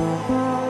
Música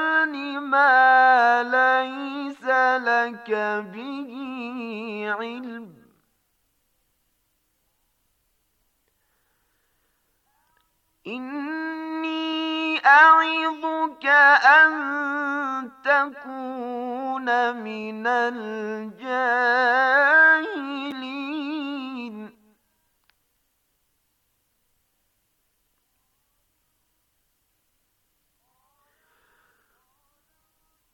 ليس لك به علم إني أعظك أن تكون من الجاهلين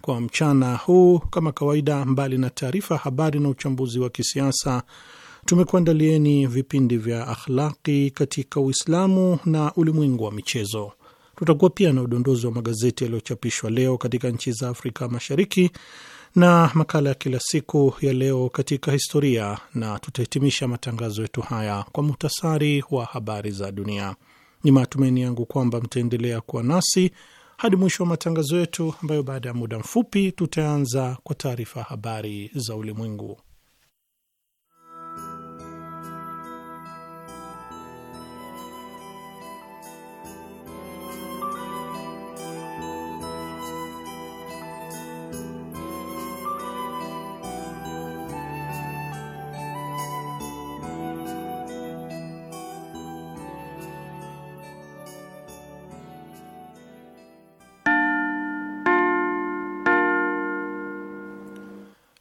kwa mchana huu. Kama kawaida, mbali na taarifa habari na uchambuzi wa kisiasa, tumekuandalieni vipindi vya akhlaki katika Uislamu na ulimwengu wa michezo. Tutakuwa pia na udondozi wa magazeti yaliyochapishwa leo katika nchi za Afrika Mashariki na makala ya kila siku ya leo katika historia, na tutahitimisha matangazo yetu haya kwa muhtasari wa habari za dunia. Ni matumaini yangu kwamba mtaendelea kuwa nasi hadi mwisho wa matangazo yetu, ambayo baada ya muda mfupi tutaanza kwa taarifa habari za ulimwengu.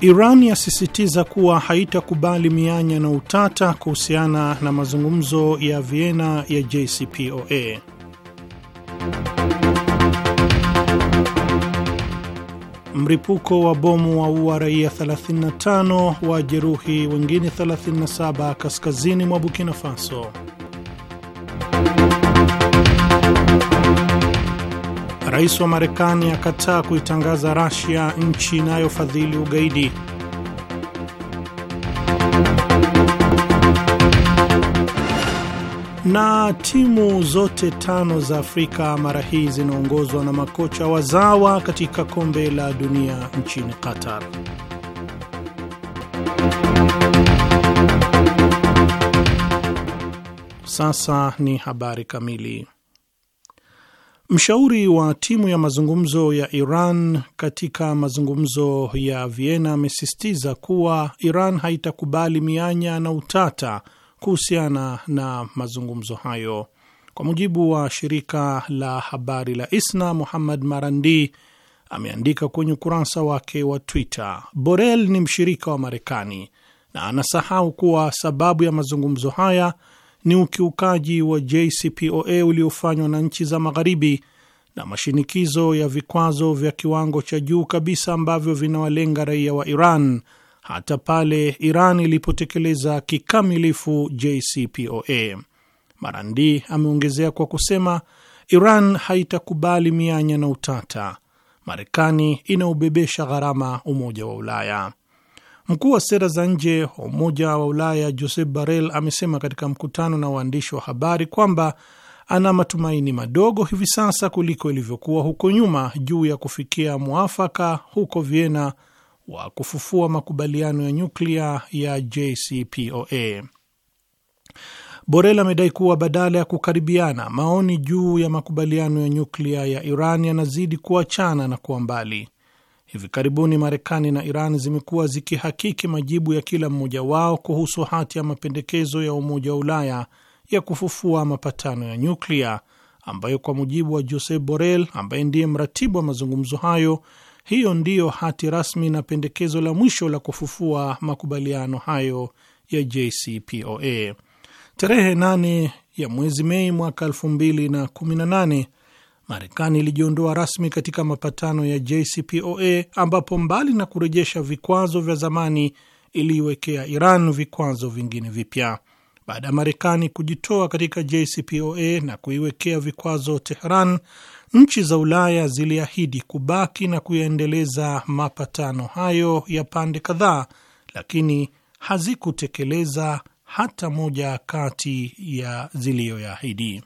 Iran yasisitiza kuwa haitakubali mianya na utata kuhusiana na mazungumzo ya Vienna ya JCPOA. Mripuko wa bomu wa ua raia 35 wa jeruhi wengine 37 kaskazini mwa Burkina Faso. Rais wa Marekani akataa kuitangaza Rasia nchi inayofadhili ugaidi. Na timu zote tano za Afrika mara hii zinaongozwa na makocha wazawa katika kombe la dunia nchini Qatar. Sasa ni habari kamili. Mshauri wa timu ya mazungumzo ya Iran katika mazungumzo ya Vienna amesisitiza kuwa Iran haitakubali mianya na utata kuhusiana na mazungumzo hayo. Kwa mujibu wa shirika la habari la ISNA, Muhammad Marandi ameandika kwenye ukurasa wake wa Twitter, Borel ni mshirika wa Marekani na anasahau kuwa sababu ya mazungumzo haya ni ukiukaji wa JCPOA uliofanywa na nchi za Magharibi na mashinikizo ya vikwazo vya kiwango cha juu kabisa ambavyo vinawalenga raia wa Iran hata pale Iran ilipotekeleza kikamilifu JCPOA. Marandi ameongezea kwa kusema Iran haitakubali mianya na utata. Marekani inaubebesha gharama Umoja wa Ulaya. Mkuu wa sera za nje wa Umoja wa Ulaya Josep Borrell amesema katika mkutano na waandishi wa habari kwamba ana matumaini madogo hivi sasa kuliko ilivyokuwa huko nyuma juu ya kufikia mwafaka huko Vienna wa kufufua makubaliano ya nyuklia ya JCPOA. Borel amedai kuwa badala ya kukaribiana, maoni juu ya makubaliano ya nyuklia ya Iran yanazidi kuachana na kuwa mbali. Hivi karibuni Marekani na Iran zimekuwa zikihakiki majibu ya kila mmoja wao kuhusu hati ya mapendekezo ya Umoja wa Ulaya ya kufufua mapatano ya nyuklia ambayo kwa mujibu wa Josep Borrell ambaye ndiye mratibu wa mazungumzo hayo, hiyo ndiyo hati rasmi na pendekezo la mwisho la kufufua makubaliano hayo ya JCPOA. Tarehe 8 ya mwezi Mei mwaka 2018 Marekani ilijiondoa rasmi katika mapatano ya JCPOA ambapo mbali na kurejesha vikwazo vya zamani iliiwekea Iran vikwazo vingine vipya. Baada ya Marekani kujitoa katika JCPOA na kuiwekea vikwazo Tehran, nchi za Ulaya ziliahidi kubaki na kuyaendeleza mapatano hayo ya pande kadhaa, lakini hazikutekeleza hata moja kati ya ziliyoyaahidi.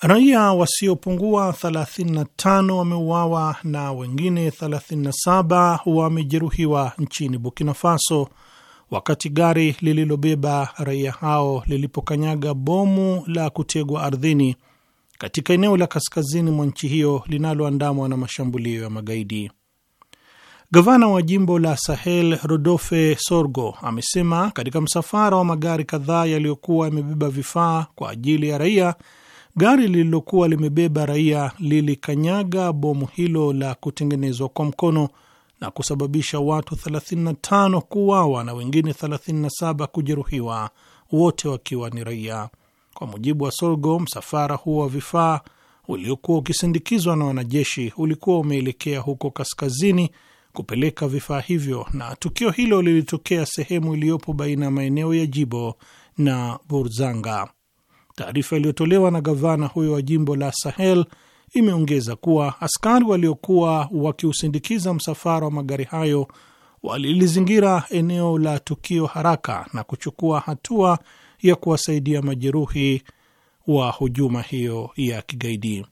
Raia wasiopungua 35 wameuawa na wengine 37 wamejeruhiwa nchini Burkina Faso wakati gari lililobeba raia hao lilipokanyaga bomu la kutegwa ardhini katika eneo la kaskazini mwa nchi hiyo linaloandamwa na mashambulio ya magaidi. Gavana wa jimbo la Sahel Rodolphe Sorgo amesema katika msafara wa magari kadhaa yaliyokuwa yamebeba vifaa kwa ajili ya raia Gari lililokuwa limebeba raia lilikanyaga bomu hilo la kutengenezwa kwa mkono na kusababisha watu 35 kuuawa na wengine 37 kujeruhiwa, wote wakiwa ni raia. Kwa mujibu wa Solgo, msafara huo wa vifaa uliokuwa ukisindikizwa na wanajeshi ulikuwa umeelekea huko kaskazini kupeleka vifaa hivyo, na tukio hilo lilitokea sehemu iliyopo baina ya maeneo ya Jibo na Burzanga. Taarifa iliyotolewa na gavana huyo wa jimbo la Sahel imeongeza kuwa askari waliokuwa wakiusindikiza msafara wa magari hayo walilizingira eneo la tukio haraka na kuchukua hatua ya kuwasaidia majeruhi wa hujuma hiyo ya kigaidi.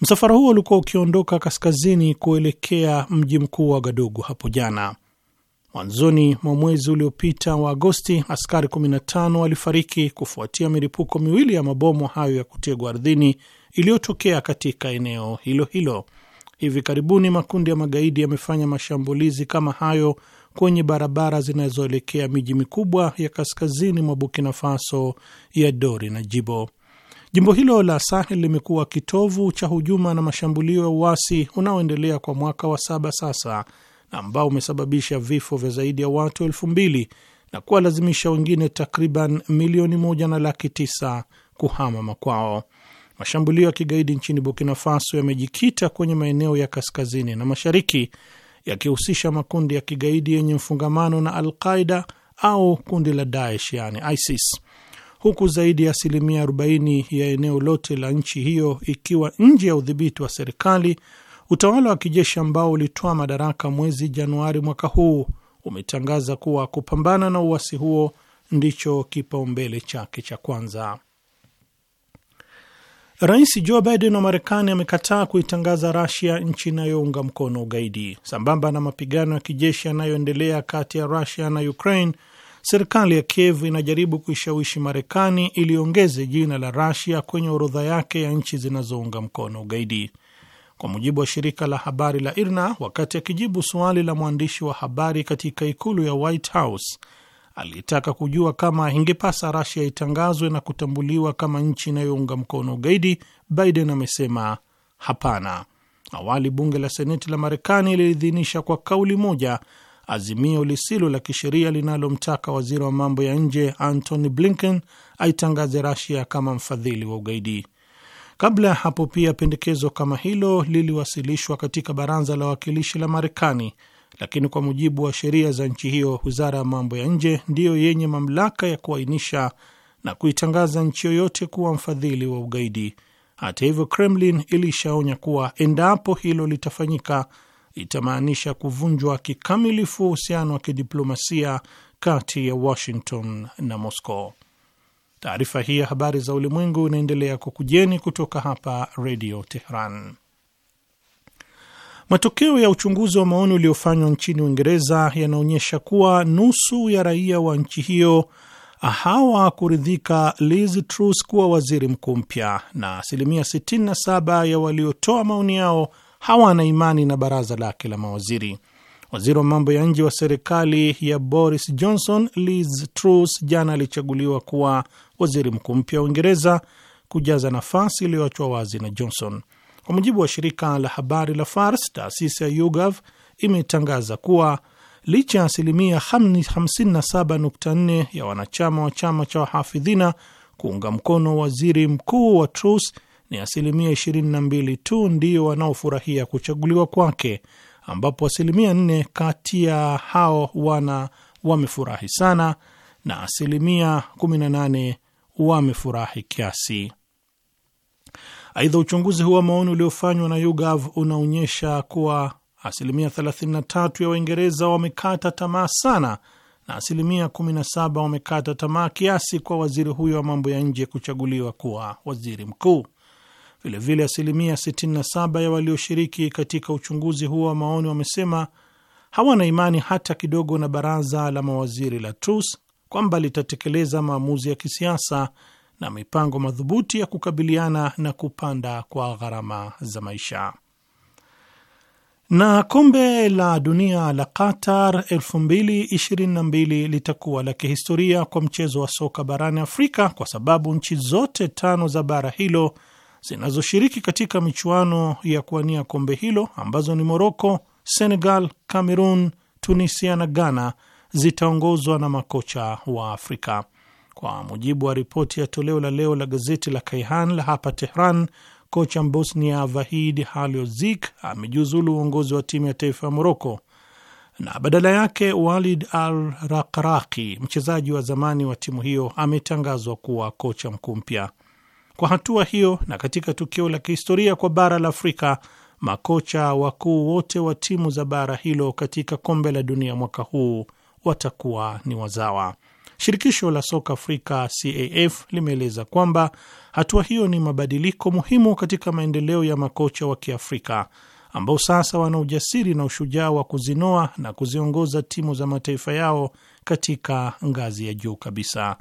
Msafara huo ulikuwa ukiondoka kaskazini kuelekea mji mkuu wa Gadugu hapo jana. Mwanzoni mwa mwezi uliopita wa Agosti, askari 15 walifariki kufuatia milipuko miwili ya mabomu hayo ya kutegwa ardhini iliyotokea katika eneo hilo hilo. Hivi karibuni makundi ya magaidi yamefanya mashambulizi kama hayo kwenye barabara zinazoelekea miji mikubwa ya kaskazini mwa Burkina Faso ya Dori na Jibo. Jimbo hilo la Sahel limekuwa kitovu cha hujuma na mashambulio ya uasi unaoendelea kwa mwaka wa saba sasa ambao umesababisha vifo vya zaidi ya watu elfu mbili na kuwalazimisha wengine takriban milioni moja na laki tisa kuhama makwao. Mashambulio ya kigaidi nchini Burkina Faso yamejikita kwenye maeneo ya kaskazini na mashariki yakihusisha makundi ya kigaidi yenye mfungamano na Alqaida au kundi la Daesh yani ISIS, huku zaidi ya asilimia 40 ya eneo lote la nchi hiyo ikiwa nje ya udhibiti wa serikali Utawala wa kijeshi ambao ulitoa madaraka mwezi Januari mwaka huu umetangaza kuwa kupambana na uasi huo ndicho kipaumbele chake cha kwanza. Rais Joe Biden wa Marekani amekataa kuitangaza Rasia nchi inayounga mkono ugaidi. Sambamba na mapigano ya kijeshi yanayoendelea kati ya Rusia na Ukraine, serikali ya Kiev inajaribu kuishawishi Marekani iliongeze jina la Rasia kwenye orodha yake ya nchi zinazounga mkono ugaidi. Kwa mujibu wa shirika la habari la IRNA, wakati akijibu suali la mwandishi wa habari katika ikulu ya White House aliyetaka kujua kama ingepasa rasia itangazwe na kutambuliwa kama nchi inayounga mkono ugaidi, Biden amesema hapana. Awali bunge la seneti la Marekani liliidhinisha kwa kauli moja azimio lisilo la kisheria linalomtaka waziri wa mambo ya nje Antony Blinken aitangaze rasia kama mfadhili wa ugaidi. Kabla ya hapo pia pendekezo kama hilo liliwasilishwa katika baraza la wawakilishi la Marekani, lakini kwa mujibu wa sheria za nchi hiyo, wizara ya mambo ya nje ndiyo yenye mamlaka ya kuainisha na kuitangaza nchi yoyote kuwa mfadhili wa ugaidi. Hata hivyo, Kremlin ilishaonya kuwa endapo hilo litafanyika itamaanisha kuvunjwa kikamilifu uhusiano wa kidiplomasia kati ya Washington na Moscow. Taarifa hii ya habari za ulimwengu inaendelea kukujeni kutoka hapa Redio Tehran. Matokeo ya uchunguzi wa maoni uliofanywa nchini Uingereza yanaonyesha kuwa nusu ya raia wa nchi hiyo hawakuridhika Liz Truss kuwa waziri mkuu mpya, na asilimia 67 ya waliotoa maoni yao hawana imani na baraza lake la mawaziri. Waziri wa mambo ya nje wa serikali ya Boris Johnson, Liz Truss, jana alichaguliwa kuwa waziri mkuu mpya wa Uingereza kujaza nafasi iliyoachwa wazi na Johnson. Kwa mujibu wa shirika la habari la Fars, taasisi ya YouGov imetangaza kuwa licha ya asilimia 57.4 ya wanachama wa chama cha wahafidhina kuunga mkono waziri mkuu wa trus ni asilimia 22 tu ndio wanaofurahia kuchaguliwa kwake, ambapo asilimia 4 kati ya hao wana wamefurahi sana na asilimia 18 wamefurahi kiasi. Aidha, uchunguzi huu wa maoni uliofanywa na YouGov unaonyesha kuwa asilimia 33 ya Waingereza wamekata tamaa sana na asilimia 17 wamekata tamaa kiasi kwa waziri huyo wa mambo ya nje kuchaguliwa kuwa waziri mkuu. Vilevile, asilimia 67 ya walioshiriki katika uchunguzi huo wa maoni wamesema hawana imani hata kidogo na baraza la mawaziri la Truss kwamba litatekeleza maamuzi ya kisiasa na mipango madhubuti ya kukabiliana na kupanda kwa gharama za maisha. Na kombe la dunia la Qatar 2022 litakuwa la kihistoria kwa mchezo wa soka barani Afrika kwa sababu nchi zote tano za bara hilo zinazoshiriki katika michuano ya kuwania kombe hilo ambazo ni Moroko, Senegal, Cameroon, Tunisia na Ghana zitaongozwa na makocha wa Afrika. Kwa mujibu wa ripoti ya toleo la leo la gazeti la Kaihan la hapa Tehran, kocha Bosnia Vahid Haliozik amejiuzulu uongozi wa timu ya taifa ya Moroko na badala yake Walid Al Rakraki, mchezaji wa zamani wa timu hiyo, ametangazwa kuwa kocha mkuu mpya. Kwa hatua hiyo na katika tukio la kihistoria kwa bara la Afrika, makocha wakuu wote wa timu za bara hilo katika kombe la dunia mwaka huu watakuwa ni wazawa. Shirikisho la soka Afrika CAF limeeleza kwamba hatua hiyo ni mabadiliko muhimu katika maendeleo ya makocha wa Kiafrika ambao sasa wana ujasiri na ushujaa wa kuzinoa na kuziongoza timu za mataifa yao katika ngazi ya juu kabisa.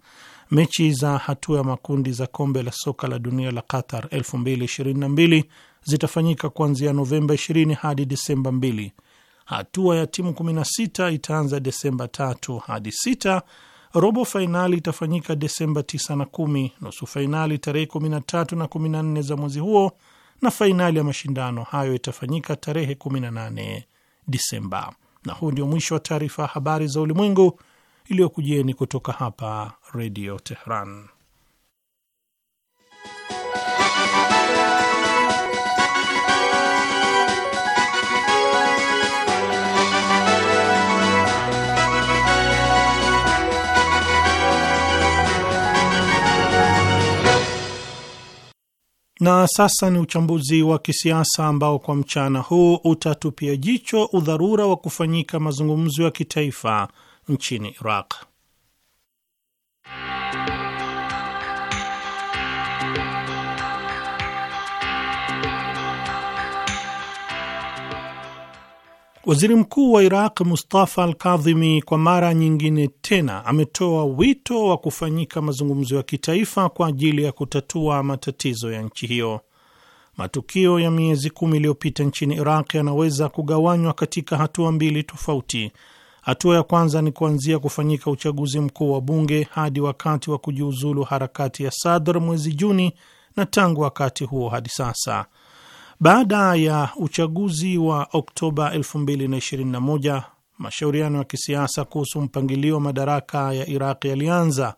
Mechi za hatua ya makundi za kombe la soka la dunia la Qatar 2022 zitafanyika kuanzia Novemba 20 hadi Disemba 2 Hatua ya timu 16 itaanza Desemba tatu hadi sita. Robo fainali itafanyika Desemba 9 na 10, nusu fainali tarehe 13 na 14 za mwezi huo, na fainali ya mashindano hayo itafanyika tarehe 18 Disemba. Na huu ndio mwisho wa taarifa ya habari za ulimwengu iliyokujieni kutoka hapa Redio Tehran. Na sasa ni uchambuzi wa kisiasa ambao kwa mchana huu utatupia jicho udharura wa kufanyika mazungumzo ya kitaifa nchini Iraq. Waziri Mkuu wa Iraq Mustafa Al Kadhimi kwa mara nyingine tena ametoa wito wa kufanyika mazungumzo ya kitaifa kwa ajili ya kutatua matatizo ya nchi hiyo. Matukio ya miezi kumi iliyopita nchini Iraq yanaweza kugawanywa katika hatua mbili tofauti. Hatua ya kwanza ni kuanzia kufanyika uchaguzi mkuu wa bunge hadi wakati wa kujiuzulu harakati ya Sadr mwezi Juni, na tangu wakati huo hadi sasa baada ya uchaguzi wa Oktoba 2021 mashauriano ya kisiasa kuhusu mpangilio wa madaraka ya Iraq yalianza,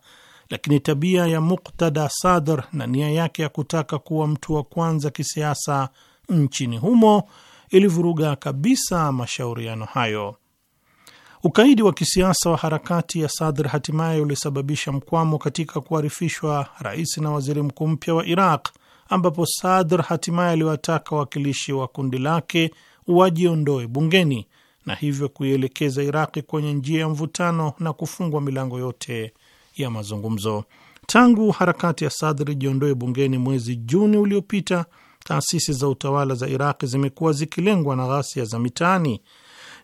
lakini tabia ya Muktada Sadr na nia yake ya kutaka kuwa mtu wa kwanza kisiasa nchini humo ilivuruga kabisa mashauriano hayo. Ukaidi wa kisiasa wa harakati ya Sadr hatimaye ulisababisha mkwamo katika kuarifishwa rais na waziri mkuu mpya wa Iraq ambapo Sadr hatimaye aliwataka wawakilishi wa kundi lake wajiondoe bungeni na hivyo kuielekeza Iraqi kwenye njia ya mvutano na kufungwa milango yote ya mazungumzo. Tangu harakati ya sadr ijiondoe bungeni mwezi Juni uliopita, taasisi za utawala za Iraqi zimekuwa zikilengwa na ghasia za mitaani,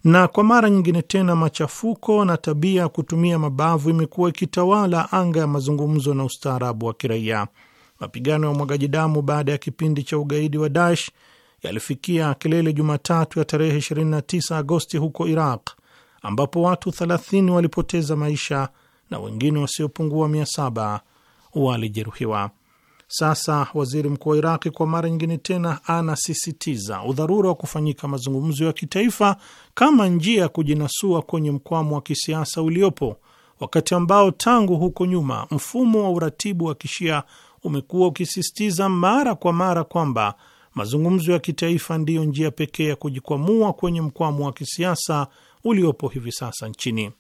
na kwa mara nyingine tena machafuko na tabia ya kutumia mabavu imekuwa ikitawala anga ya mazungumzo na ustaarabu wa kiraia. Mapigano ya umwagaji damu baada ya kipindi cha ugaidi wa Daesh yalifikia kilele Jumatatu ya tarehe 29 Agosti huko Iraq, ambapo watu 30 walipoteza maisha na wengine wasiopungua 700 walijeruhiwa. Sasa waziri mkuu wa Iraqi kwa mara nyingine tena anasisitiza udharura wa kufanyika mazungumzo ya kitaifa kama njia ya kujinasua kwenye mkwamo wa kisiasa uliopo, wakati ambao tangu huko nyuma mfumo wa uratibu wa kishia umekuwa ukisisitiza mara kwa mara kwamba mazungumzo ya kitaifa ndiyo njia pekee ya kujikwamua kwenye mkwamo wa kisiasa uliopo hivi sasa nchini.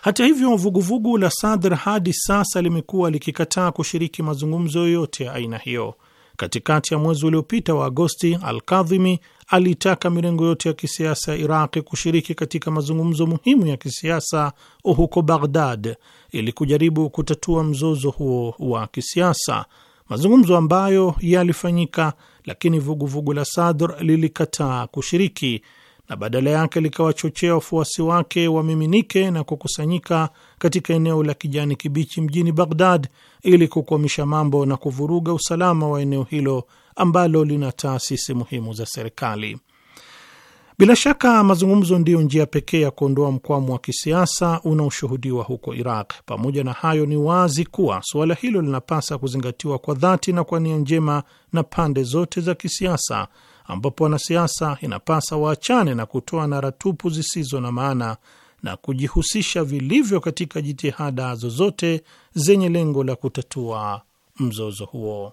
Hata hivyo, vuguvugu la Sadr hadi sasa limekuwa likikataa kushiriki mazungumzo yoyote ya aina hiyo. Katikati ya mwezi uliopita wa Agosti, Alkadhimi alitaka mirengo yote ya kisiasa ya Iraqi kushiriki katika mazungumzo muhimu ya kisiasa huko Baghdad ili kujaribu kutatua mzozo huo wa kisiasa, mazungumzo ambayo yalifanyika, lakini vuguvugu vugu la Sadr lilikataa kushiriki na badala yake likawachochea wafuasi wake wamiminike na kukusanyika katika eneo la kijani kibichi mjini Baghdad ili kukwamisha mambo na kuvuruga usalama wa eneo hilo ambalo lina taasisi muhimu za serikali. Bila shaka mazungumzo ndiyo njia pekee ya kuondoa mkwamo wa kisiasa unaoshuhudiwa huko Iraq. Pamoja na hayo, ni wazi kuwa suala hilo linapasa kuzingatiwa kwa dhati na kwa nia njema na pande zote za kisiasa, ambapo wanasiasa inapasa waachane na kutoa naratupu zisizo na maana na kujihusisha vilivyo katika jitihada zozote zenye lengo la kutatua mzozo huo.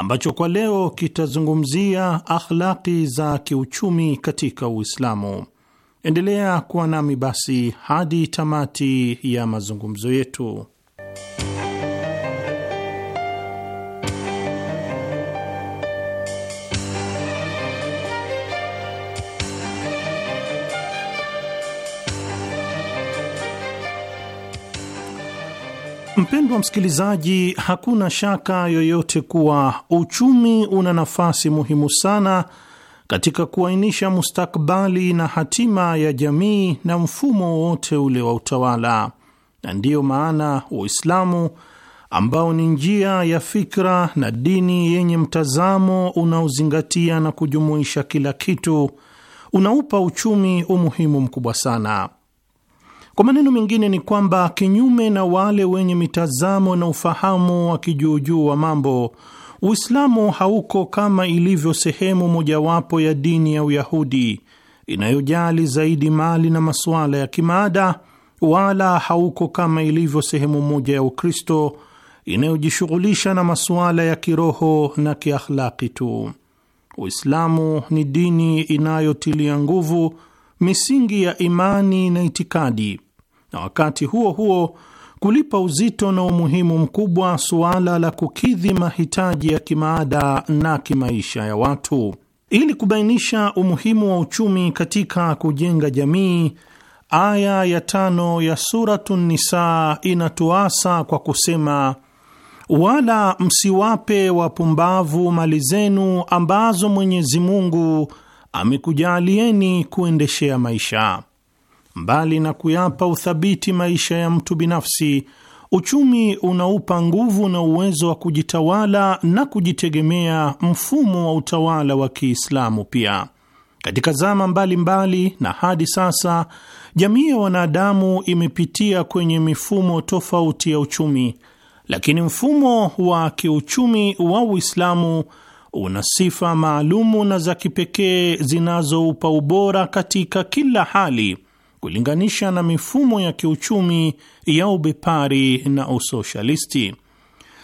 ambacho kwa leo kitazungumzia akhlaki za kiuchumi katika Uislamu. Endelea kuwa nami basi hadi tamati ya mazungumzo yetu. Mpendwa msikilizaji, hakuna shaka yoyote kuwa uchumi una nafasi muhimu sana katika kuainisha mustakbali na hatima ya jamii na mfumo wowote ule wa utawala, na ndiyo maana Uislamu ambao ni njia ya fikra na dini yenye mtazamo unaozingatia na kujumuisha kila kitu unaupa uchumi umuhimu mkubwa sana. Kwa maneno mengine ni kwamba kinyume na wale wenye mitazamo na ufahamu wa kijuujuu wa mambo, Uislamu hauko kama ilivyo sehemu mojawapo ya dini ya Uyahudi inayojali zaidi mali na masuala ya kimaada, wala hauko kama ilivyo sehemu moja ya Ukristo inayojishughulisha na masuala ya kiroho na kiakhlaki tu. Uislamu ni dini inayotilia nguvu misingi ya imani na itikadi na wakati huo huo kulipa uzito na umuhimu mkubwa suala la kukidhi mahitaji ya kimaada na kimaisha ya watu. Ili kubainisha umuhimu wa uchumi katika kujenga jamii, aya ya tano ya Suratu Nisa inatuasa kwa kusema, wala msiwape wapumbavu mali zenu ambazo Mwenyezi Mungu amekujaalieni kuendeshea maisha mbali na kuyapa uthabiti maisha ya mtu binafsi, uchumi unaupa nguvu na uwezo wa kujitawala na kujitegemea mfumo wa utawala wa Kiislamu. Pia katika zama mbalimbali mbali na hadi sasa, jamii ya wanadamu imepitia kwenye mifumo tofauti ya uchumi, lakini mfumo wa kiuchumi wa Uislamu una sifa maalumu na za kipekee zinazoupa ubora katika kila hali kulinganisha na mifumo ya kiuchumi ya ubepari na usoshalisti.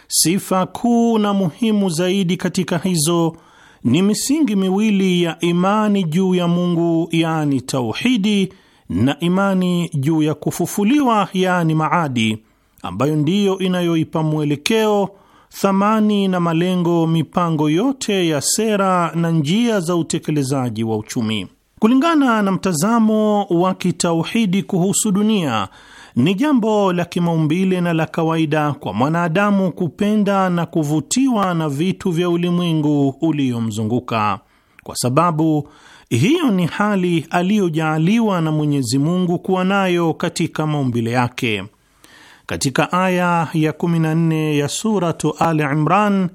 Sifa kuu na muhimu zaidi katika hizo ni misingi miwili ya imani juu ya Mungu, yaani tauhidi, na imani juu ya kufufuliwa, yaani maadi, ambayo ndiyo inayoipa mwelekeo, thamani na malengo mipango yote ya sera na njia za utekelezaji wa uchumi. Kulingana na mtazamo wa kitauhidi kuhusu dunia, ni jambo la kimaumbile na la kawaida kwa mwanadamu kupenda na kuvutiwa na vitu vya ulimwengu uliomzunguka, kwa sababu hiyo ni hali aliyojaaliwa na Mwenyezi Mungu kuwa nayo katika maumbile yake. Katika aya ya 14 ya Suratu Al Imran,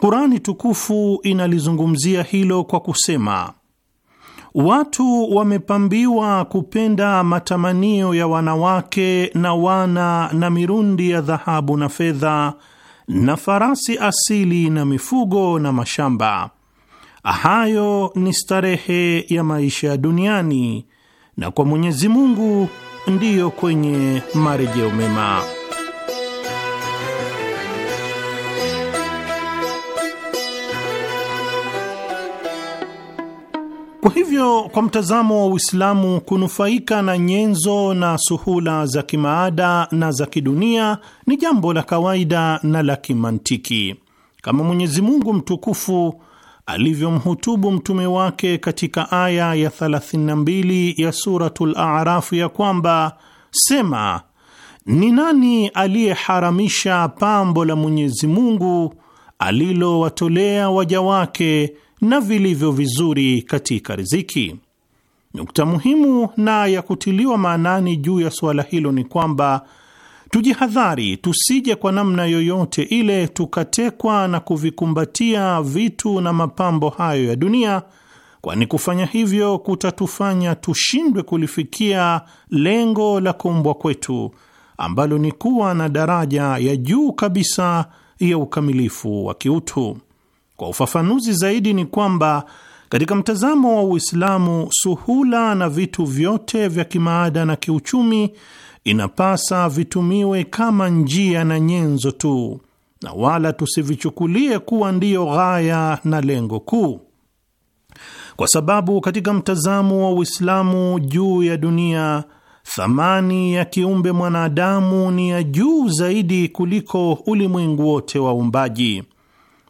Kurani tukufu inalizungumzia hilo kwa kusema Watu wamepambiwa kupenda matamanio ya wanawake na wana na mirundi ya dhahabu na fedha na farasi asili na mifugo na mashamba. Hayo ni starehe ya maisha ya duniani, na kwa Mwenyezi Mungu ndiyo kwenye marejeo mema. Kwa hivyo, kwa mtazamo wa Uislamu, kunufaika na nyenzo na suhula za kimaada na za kidunia ni jambo la kawaida na la kimantiki, kama Mwenyezi Mungu mtukufu alivyomhutubu mtume wake katika aya ya 32 ya Suratul A'raf ya kwamba, sema ni nani aliyeharamisha pambo la Mwenyezi Mungu alilowatolea waja wake na vilivyo vizuri katika riziki. Nukta muhimu na ya kutiliwa maanani juu ya suala hilo ni kwamba tujihadhari tusije kwa namna yoyote ile tukatekwa na kuvikumbatia vitu na mapambo hayo ya dunia, kwani kufanya hivyo kutatufanya tushindwe kulifikia lengo la kuumbwa kwetu ambalo ni kuwa na daraja ya juu kabisa ya ukamilifu wa kiutu. Kwa ufafanuzi zaidi, ni kwamba katika mtazamo wa Uislamu, suhula na vitu vyote vya kimaada na kiuchumi inapasa vitumiwe kama njia na nyenzo tu, na wala tusivichukulie kuwa ndiyo ghaya na lengo kuu, kwa sababu katika mtazamo wa Uislamu juu ya dunia thamani ya kiumbe mwanadamu ni ya juu zaidi kuliko ulimwengu wote wa uumbaji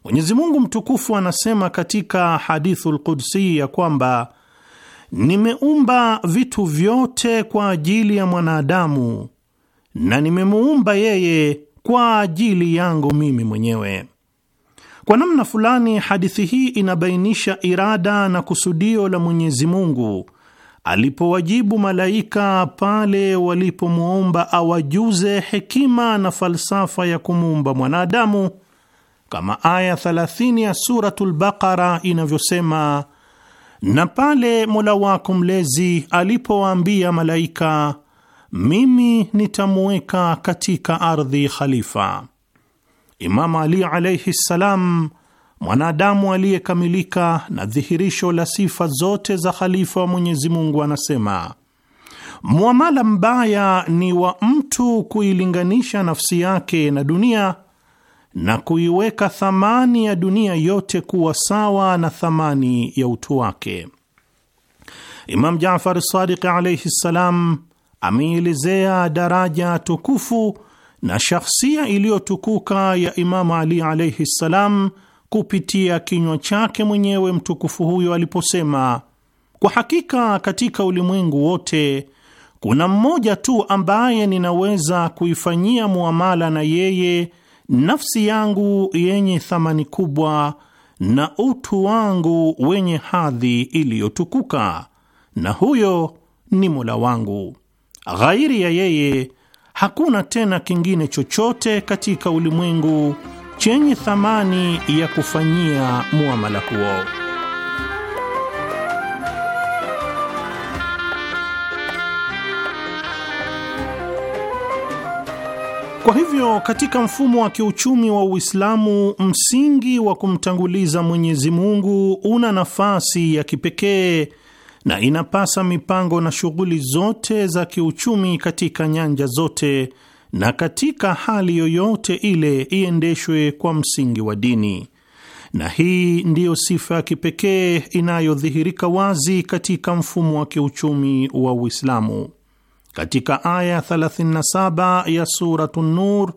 Mwenyezi Mungu mtukufu anasema katika Hadithul Qudsi ya kwamba nimeumba vitu vyote kwa ajili ya mwanadamu na nimemuumba yeye kwa ajili yangu mimi mwenyewe. Kwa namna fulani, hadithi hii inabainisha irada na kusudio la Mwenyezi Mungu alipowajibu malaika pale walipomwomba awajuze hekima na falsafa ya kumuumba mwanadamu kama aya 30 ya Suratul Baqara inavyosema, na pale Mola wako mlezi alipowaambia malaika, mimi nitamuweka katika ardhi khalifa. Imamu Ali alaihi ssalam, mwanadamu aliyekamilika na dhihirisho la sifa zote za khalifa wa Mwenyezi Mungu, anasema Mwamala mbaya ni wa mtu kuilinganisha nafsi yake na dunia na kuiweka thamani ya dunia yote kuwa sawa na thamani ya utu wake. Imam Jafar Sadiq alaihi ssalam ameielezea daraja tukufu na shakhsia iliyotukuka ya Imamu Ali alaihi ssalam kupitia kinywa chake mwenyewe mtukufu huyo aliposema, kwa hakika katika ulimwengu wote kuna mmoja tu ambaye ninaweza kuifanyia muamala na yeye nafsi yangu yenye thamani kubwa na utu wangu wenye hadhi iliyotukuka, na huyo ni Mola wangu. Ghairi ya yeye hakuna tena kingine chochote katika ulimwengu chenye thamani ya kufanyia muamala huo. Kwa hivyo katika mfumo wa kiuchumi wa Uislamu, msingi wa kumtanguliza Mwenyezi Mungu una nafasi ya kipekee na inapasa mipango na shughuli zote za kiuchumi katika nyanja zote na katika hali yoyote ile iendeshwe kwa msingi wa dini, na hii ndiyo sifa ya kipekee inayodhihirika wazi katika mfumo wa kiuchumi wa Uislamu. Katika aya 37 ya Suratu Nur,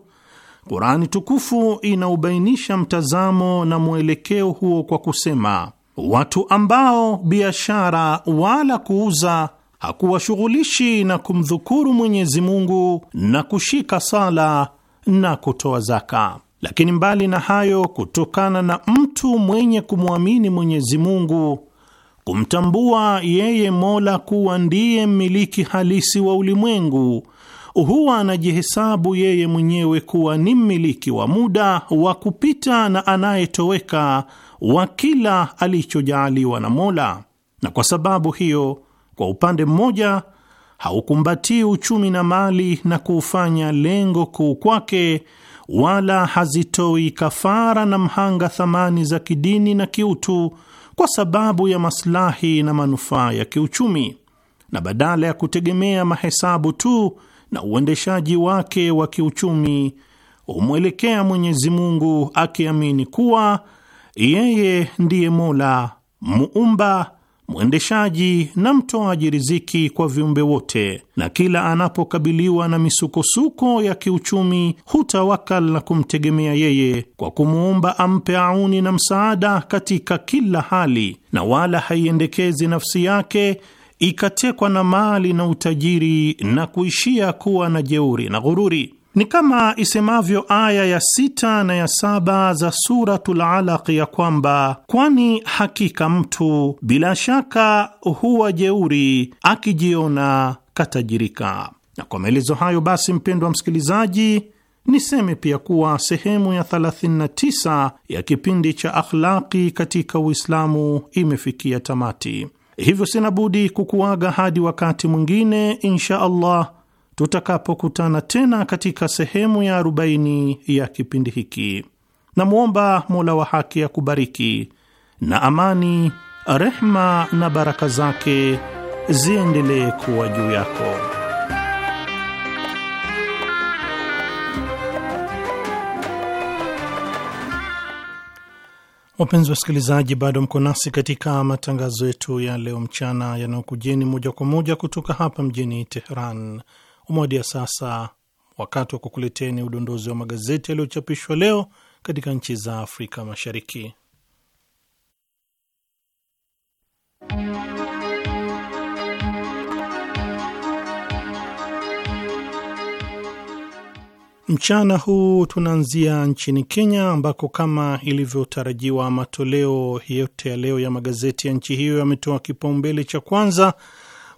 Kurani tukufu inaubainisha mtazamo na mwelekeo huo kwa kusema, watu ambao biashara wala kuuza hakuwashughulishi na kumdhukuru Mwenyezi Mungu na kushika sala na kutoa zaka. Lakini mbali na hayo, kutokana na mtu mwenye kumwamini Mwenyezi Mungu kumtambua yeye Mola kuwa ndiye mmiliki halisi wa ulimwengu, huwa anajihesabu yeye mwenyewe kuwa ni mmiliki wa muda wa kupita na anayetoweka wa kila alichojaaliwa na Mola, na kwa sababu hiyo, kwa upande mmoja haukumbatii uchumi na mali na kuufanya lengo kuu kwake, wala hazitoi kafara na mhanga thamani za kidini na kiutu kwa sababu ya maslahi na manufaa ya kiuchumi, na badala ya kutegemea mahesabu tu na uendeshaji wake wa kiuchumi humwelekea Mwenyezi Mungu akiamini kuwa yeye ndiye Mola muumba mwendeshaji na mtoaji riziki kwa viumbe wote, na kila anapokabiliwa na misukosuko ya kiuchumi hutawakal na kumtegemea yeye kwa kumwomba ampe auni na msaada katika kila hali, na wala haiendekezi nafsi yake ikatekwa na mali na utajiri na kuishia kuwa na jeuri na ghururi. Ni kama isemavyo aya ya sita na ya saba za Suratul Alaq ya kwamba, kwani hakika mtu bila shaka huwa jeuri akijiona katajirika. Na kwa maelezo hayo basi, mpendwa msikilizaji, niseme pia kuwa sehemu ya 39 ya kipindi cha Akhlaqi katika Uislamu imefikia tamati, hivyo sina budi kukuaga hadi wakati mwingine insha Allah tutakapokutana tena katika sehemu ya arobaini ya kipindi hiki. Namwomba Mola wa haki akubariki na amani, rehma na baraka zake ziendelee kuwa juu yako. Wapenzi wasikilizaji, bado mko nasi katika matangazo yetu ya leo mchana yanayokujeni moja kwa moja kutoka hapa mjini Teheran. Umoja sasa wakati wa kukuleteni udondozi wa magazeti yaliyochapishwa leo katika nchi za Afrika Mashariki. Mchana huu tunaanzia nchini Kenya ambako kama ilivyotarajiwa matoleo yote ya leo ya magazeti ya nchi hiyo yametoa kipaumbele cha kwanza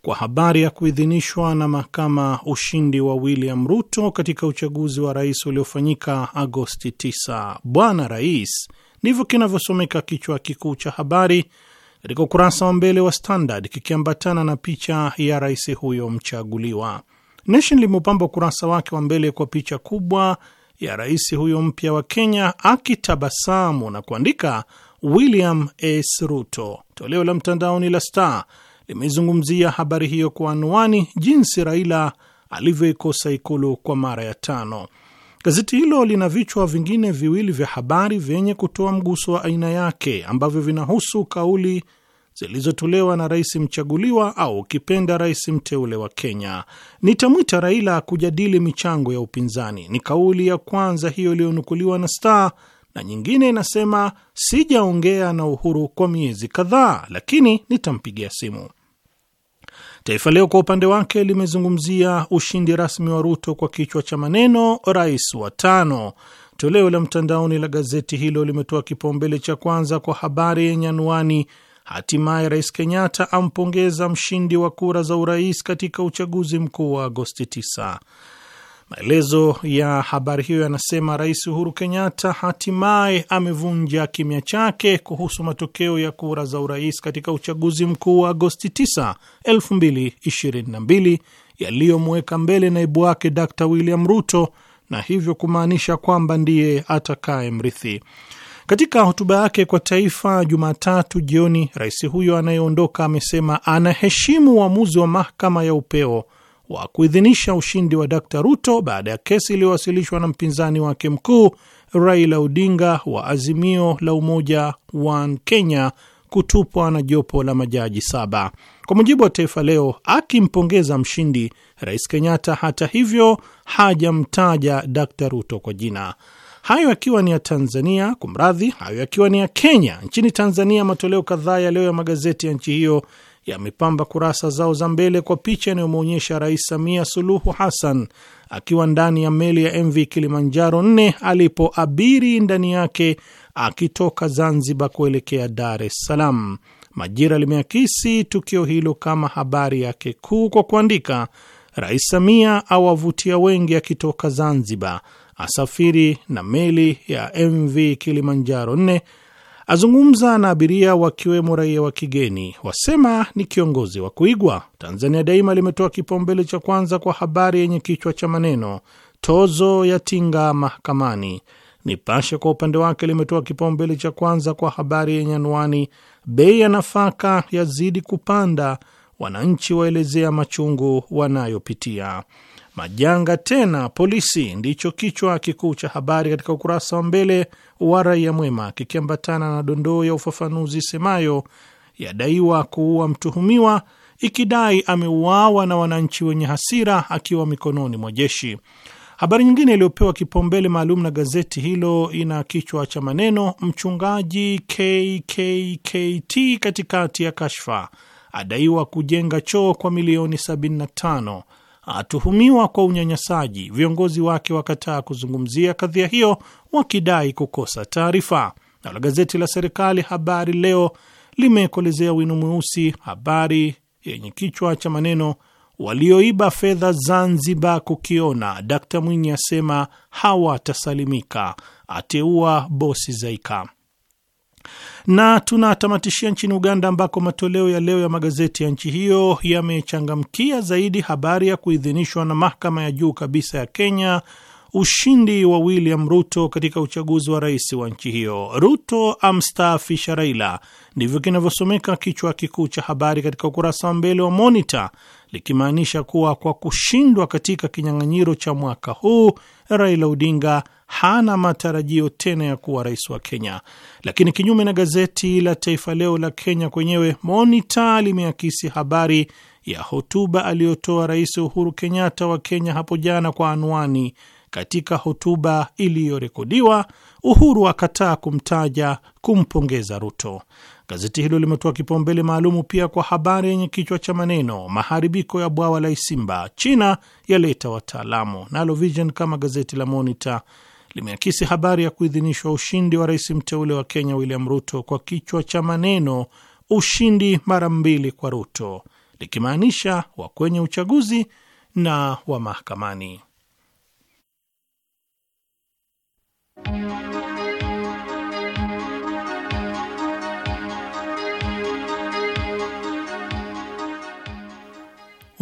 kwa habari ya kuidhinishwa na mahakama ushindi wa William Ruto katika uchaguzi wa rais uliofanyika Agosti 9. Bwana Rais, ndivyo kinavyosomeka kichwa kikuu cha habari katika ukurasa wa mbele wa Standard kikiambatana na picha ya rais huyo mchaguliwa. Nation limeupamba ukurasa wake wa mbele kwa picha kubwa ya rais huyo mpya wa Kenya akitabasamu na kuandika William S. Ruto. Toleo la mtandaoni la Star limeizungumzia habari hiyo kwa anwani jinsi Raila alivyoikosa Ikulu kwa mara ya tano. Gazeti hilo lina vichwa vingine viwili vya habari vyenye kutoa mguso wa aina yake ambavyo vinahusu kauli zilizotolewa na rais mchaguliwa au ukipenda rais mteule wa Kenya. Nitamwita Raila kujadili michango ya upinzani, ni kauli ya kwanza hiyo iliyonukuliwa na Star, na nyingine inasema sijaongea na Uhuru kwa miezi kadhaa, lakini nitampigia simu. Taifa Leo kwa upande wake limezungumzia ushindi rasmi wa Ruto kwa kichwa cha maneno rais wa tano. Toleo la mtandaoni la gazeti hilo limetoa kipaumbele cha kwanza kwa habari yenye anwani hatimaye Rais Kenyatta ampongeza mshindi wa kura za urais katika uchaguzi mkuu wa Agosti 9. Maelezo ya habari hiyo yanasema Rais Uhuru Kenyatta hatimaye amevunja kimya chake kuhusu matokeo ya kura za urais katika uchaguzi mkuu wa Agosti 9, 2022 yaliyomweka mbele naibu wake Dr William Ruto na hivyo kumaanisha kwamba ndiye atakaye mrithi. Katika hotuba yake kwa taifa Jumatatu jioni, rais huyo anayeondoka amesema anaheshimu uamuzi wa mahakama ya upeo wa kuidhinisha ushindi wa Dkt Ruto baada ya kesi iliyowasilishwa na mpinzani wake mkuu Raila Odinga wa Azimio la Umoja wa Kenya kutupwa na jopo la majaji saba. Kwa mujibu wa Taifa Leo, akimpongeza mshindi, Rais Kenyatta hata hivyo hajamtaja d Ruto kwa jina. Hayo akiwa ni ya Tanzania, kumradhi, hayo akiwa ni ya Kenya. Nchini Tanzania, matoleo kadhaa ya leo ya magazeti ya nchi hiyo yamepamba kurasa zao za mbele kwa picha inayomwonyesha Rais Samia Suluhu Hassan akiwa ndani ya meli ya MV Kilimanjaro nne alipoabiri ndani yake akitoka Zanzibar kuelekea Dar es Salaam. Majira limeakisi tukio hilo kama habari yake kuu kwa kuandika, Rais Samia awavutia wengi akitoka Zanzibar, asafiri na meli ya MV Kilimanjaro nne azungumza na abiria wakiwemo raia wa kigeni, wasema ni kiongozi wa kuigwa. Tanzania Daima limetoa kipaumbele cha kwanza kwa habari yenye kichwa cha maneno tozo ya tinga mahakamani. Nipashe kwa upande wake limetoa kipaumbele cha kwanza kwa habari yenye anwani bei ya nafaka yazidi kupanda, wananchi waelezea machungu wanayopitia. Majanga tena polisi, ndicho kichwa kikuu cha habari katika ukurasa wa mbele wa Raia Mwema, kikiambatana na dondoo ya ufafanuzi semayo yadaiwa kuua mtuhumiwa, ikidai ameuawa na wananchi wenye hasira akiwa mikononi mwa jeshi. Habari nyingine iliyopewa kipaumbele maalum na gazeti hilo ina kichwa cha maneno mchungaji KKKT katikati ya kashfa, adaiwa kujenga choo kwa milioni 75 atuhumiwa kwa unyanyasaji. Viongozi wake wakataa kuzungumzia kadhia hiyo wakidai kukosa taarifa. Nalo gazeti la serikali Habari Leo limekolezea wino mweusi habari yenye kichwa cha maneno walioiba fedha Zanzibar kukiona, Dkt Mwinyi asema hawatasalimika, ateua bosi Zaika. Na tunatamatishia nchini Uganda, ambako matoleo ya leo ya magazeti ya nchi hiyo yamechangamkia zaidi habari ya kuidhinishwa na mahakama ya juu kabisa ya Kenya ushindi wa William Ruto katika uchaguzi wa rais wa nchi hiyo. Ruto amstaafisha Raila, ndivyo kinavyosomeka kichwa kikuu cha habari katika ukurasa wa mbele wa Monitor, likimaanisha kuwa kwa kushindwa katika kinyang'anyiro cha mwaka huu Raila Odinga hana matarajio tena ya kuwa rais wa Kenya. Lakini kinyume na gazeti la Taifa Leo la Kenya kwenyewe, Monita limeakisi habari ya hotuba aliyotoa Rais Uhuru Kenyatta wa Kenya hapo jana kwa anwani, katika hotuba iliyorekodiwa Uhuru akataa kumtaja kumpongeza Ruto. Gazeti hilo limetoa kipaumbele maalumu pia kwa habari yenye kichwa cha maneno maharibiko ya bwawa la Isimba, China yaleta wataalamu. Nalo Vision kama gazeti la Monitor limeakisi habari ya kuidhinishwa ushindi wa rais mteule wa Kenya William Ruto kwa kichwa cha maneno ushindi mara mbili kwa Ruto, likimaanisha wa kwenye uchaguzi na wa mahakamani.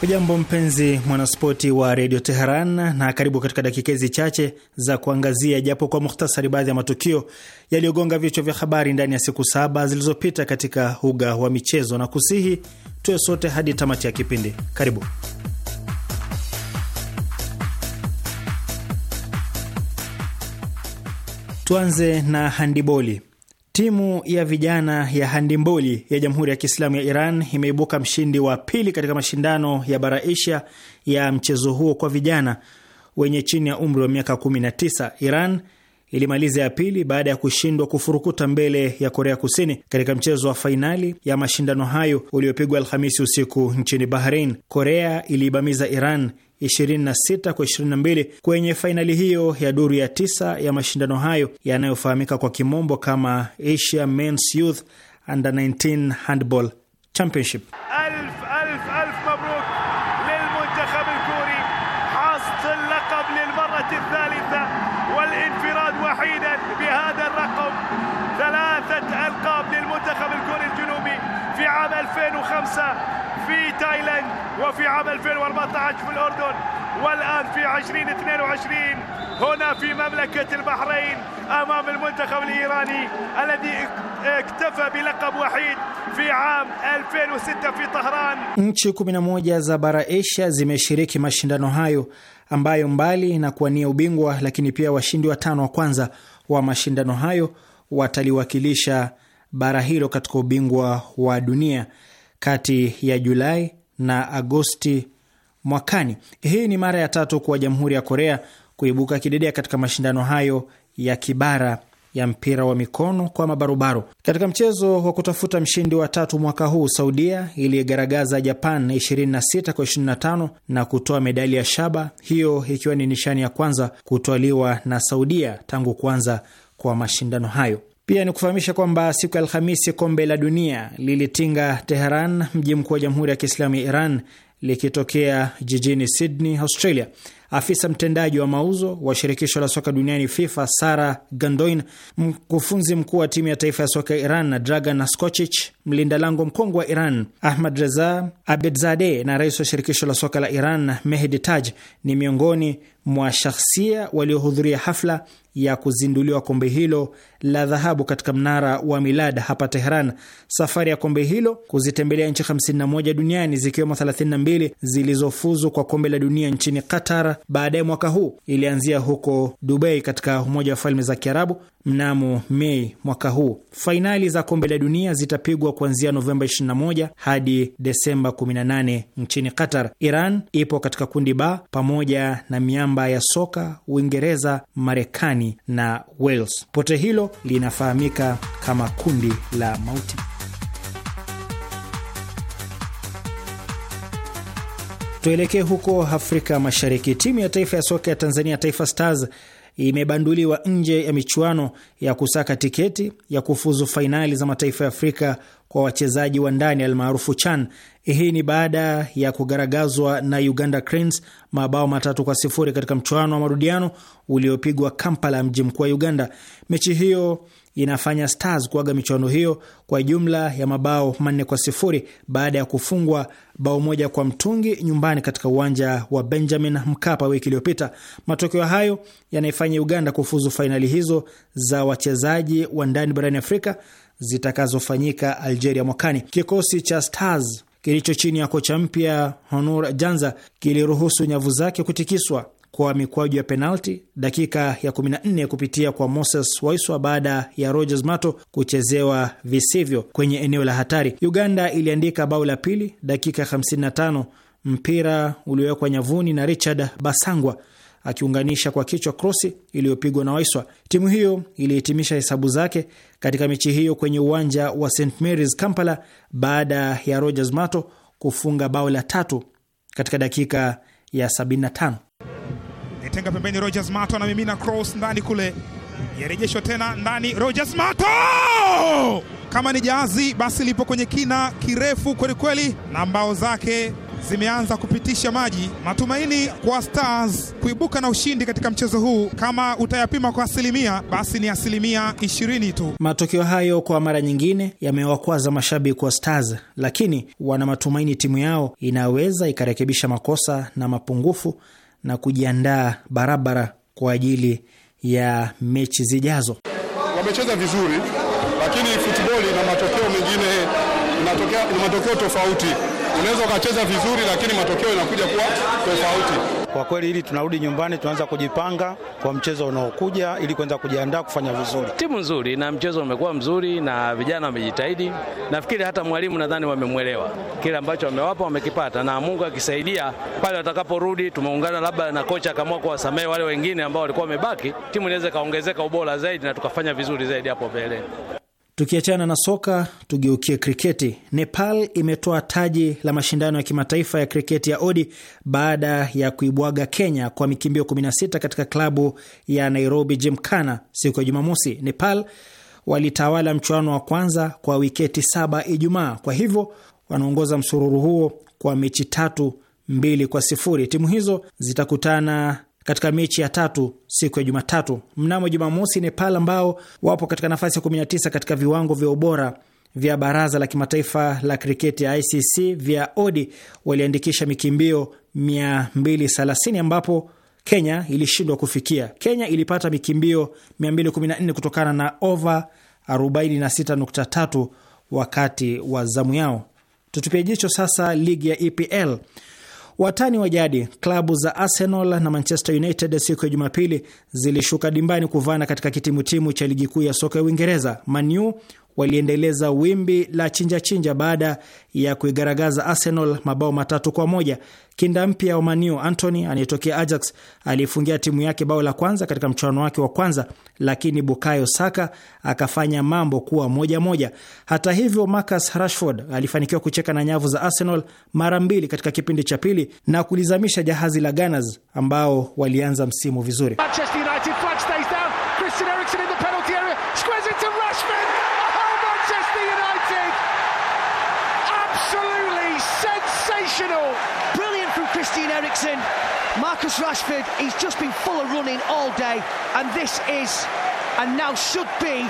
Hujambo mpenzi mwanaspoti wa redio Teheran, na karibu katika dakika hizi chache za kuangazia japo kwa muhtasari baadhi ya matukio yaliyogonga vichwa vya habari ndani ya siku saba zilizopita katika uga wa michezo, na kusihi tuwe sote hadi tamati ya kipindi. Karibu. Tuanze na handiboli. Timu ya vijana ya handimboli ya Jamhuri ya Kiislamu ya Iran imeibuka mshindi wa pili katika mashindano ya bara Asia ya mchezo huo kwa vijana wenye chini ya umri wa miaka 19. Iran ilimaliza ya pili baada ya kushindwa kufurukuta mbele ya Korea Kusini katika mchezo wa fainali ya mashindano hayo uliopigwa Alhamisi usiku nchini Bahrain. Korea iliibamiza Iran 26 kwa 22 kwenye fainali hiyo ya duru ya tisa ya mashindano hayo yanayofahamika kwa kimombo kama Asia Men's Youth Under 19 Handball Championship. عام 2005 في تايلاند وفي عام 2014 في الأردن والآن في 2022 هنا في مملكة البحرين أمام المنتخب الإيراني الذي اكتفى بلقب وحيد في عام 2006 في طهران نشي 11 za bara Asia zimeshiriki mashindano hayo ambayo mbali na kuwania ubingwa, lakini pia washindi watano wa kwanza wa mashindano hayo wataliwakilisha bara hilo katika ubingwa wa dunia kati ya Julai na Agosti mwakani. Hii ni mara ya tatu kwa Jamhuri ya Korea kuibuka kidedea katika mashindano hayo ya kibara ya mpira wa mikono kwa mabarobaro. Katika mchezo wa kutafuta mshindi wa tatu mwaka huu, Saudia iliyegaragaza Japan 26 kwa 25 na kutoa medali ya shaba, hiyo ikiwa ni nishani ya kwanza kutwaliwa na Saudia tangu kuanza kwa mashindano hayo. Pia ni kufahamisha kwamba siku ya Alhamisi kombe la dunia lilitinga Teheran, mji mkuu wa jamhuri ya Kiislamu ya Iran, likitokea jijini Sydney, Australia. Afisa mtendaji wa mauzo wa shirikisho la soka duniani FIFA, Sara Gandoin, mkufunzi mkuu wa timu ya taifa ya soka ya Iran na Dragan Skocic, mlinda lango mkongwe wa Iran Ahmad Reza abedzade na rais wa shirikisho la soka la Iran Mehdi Taj ni miongoni mwa shakhsia waliohudhuria hafla ya kuzinduliwa kombe hilo la dhahabu katika mnara wa Milad hapa Teheran. Safari ya kombe hilo kuzitembelea nchi 51 duniani zikiwemo 32 zilizofuzu kwa kombe la dunia nchini Qatar baadaye mwaka huu ilianzia huko Dubai katika Umoja wa Falme za Kiarabu mnamo Mei mwaka huu. Fainali za kombe la dunia zitapigwa kuanzia Novemba 21 hadi Desemba 18 nchini Qatar. Iran ipo katika kundi ba pamoja na miamba miamba ya soka Uingereza, Marekani na Wales. Pote hilo linafahamika kama kundi la mauti. Tuelekee huko Afrika Mashariki. Timu ya taifa ya soka ya Tanzania, Taifa Stars, imebanduliwa nje ya michuano ya kusaka tiketi ya kufuzu fainali za mataifa ya Afrika kwa wachezaji wa ndani almaarufu CHAN hii ni baada ya kugaragazwa na Uganda Cranes mabao matatu kwa sifuri katika mchuano wa marudiano uliopigwa Kampala, mji mkuu wa Uganda. Mechi hiyo inafanya Stars kuaga michuano hiyo kwa jumla ya mabao manne kwa sifuri baada ya kufungwa bao moja kwa mtungi nyumbani katika uwanja wa Benjamin Mkapa wiki iliyopita. Matokeo hayo yanaifanya Uganda kufuzu fainali hizo za wachezaji wa ndani barani Afrika zitakazofanyika Algeria mwakani. Kikosi cha Stars kilicho chini ya kocha mpya Honor Janza kiliruhusu nyavu zake kutikiswa kwa mikwaju ya penalti dakika ya 14 kupitia kwa Moses Waiswa baada ya Rogers Mato kuchezewa visivyo kwenye eneo la hatari. Uganda iliandika bao la pili dakika 55, mpira uliowekwa nyavuni na Richard Basangwa akiunganisha kwa kichwa krosi iliyopigwa na Waiswa. Timu hiyo ilihitimisha hesabu zake katika mechi hiyo kwenye uwanja wa St Mary's Kampala, baada ya Rogers Mato kufunga bao la tatu katika dakika ya 75. Tenga pembeni, Rogers Mato anamimina cross ndani kule, yarejeshwa tena ndani. Rogers Mato kama ni jahazi basi lipo kwenye kina kirefu kwelikweli, na mbao zake zimeanza kupitisha maji. Matumaini kwa Stars kuibuka na ushindi katika mchezo huu kama utayapima kwa asilimia, basi ni asilimia ishirini tu. Matokeo hayo kwa mara nyingine yamewakwaza mashabiki wa Stars, lakini wana matumaini timu yao inaweza ikarekebisha makosa na mapungufu na kujiandaa barabara kwa ajili ya mechi zijazo. Wamecheza vizuri, lakini futboli na matokeo mengine, na matokeo tofauti unaweza ukacheza vizuri, lakini matokeo yanakuja kuwa tofauti. Kwa kweli hili tunarudi nyumbani, tunaanza kujipanga kwa mchezo unaokuja ili kuanza kujiandaa kufanya vizuri. Timu nzuri na mchezo umekuwa mzuri na vijana wamejitahidi. Nafikiri hata mwalimu nadhani wamemwelewa kile ambacho amewapa wamekipata, na Mungu akisaidia pale watakaporudi, tumeungana labda na kocha akaamua kuwasamehe wale wengine ambao walikuwa wamebaki, timu inaweza ikaongezeka ubora zaidi na tukafanya vizuri zaidi hapo mbele. Tukiachana na soka, tugeukie kriketi. Nepal imetoa taji la mashindano ya kimataifa ya kriketi ya ODI baada ya kuibwaga Kenya kwa mikimbio 16 katika klabu ya Nairobi jimkana siku ya Jumamosi. Nepal walitawala mchuano wa kwanza kwa wiketi saba Ijumaa, kwa hivyo wanaongoza msururu huo kwa mechi tatu mbili kwa sifuri. Timu hizo zitakutana katika mechi ya tatu siku ya Jumatatu. Mnamo Jumamosi, Nepal ambao wapo katika nafasi ya 19 katika viwango vya ubora vya baraza la kimataifa la kriketi ya ICC vya ODI waliandikisha mikimbio 230 ambapo Kenya ilishindwa kufikia. Kenya ilipata mikimbio 214 kutokana na ova 46.3 wakati wa zamu yao. Tutupia jicho sasa ligi ya EPL Watani wa jadi klabu za Arsenal na Manchester United siku ya Jumapili zilishuka dimbani kuvana katika kitimutimu cha ligi kuu ya soka ya Uingereza. manu waliendeleza wimbi la chinja chinja baada ya kuigaragaza Arsenal mabao matatu kwa moja. Kinda mpya wa Maniu anayetokea Ajax aliifungia timu yake bao la kwanza katika mchuano wake wa kwanza, lakini Bukayo Saka akafanya mambo kuwa moja moja. Hata hivyo, Marcus Rashford alifanikiwa kucheka na nyavu za Arsenal mara mbili katika kipindi cha pili na kulizamisha jahazi la Gunners ambao walianza msimu vizuri Manchester United, Marcus Rashford, he's just been full of running all day, and this is and now should be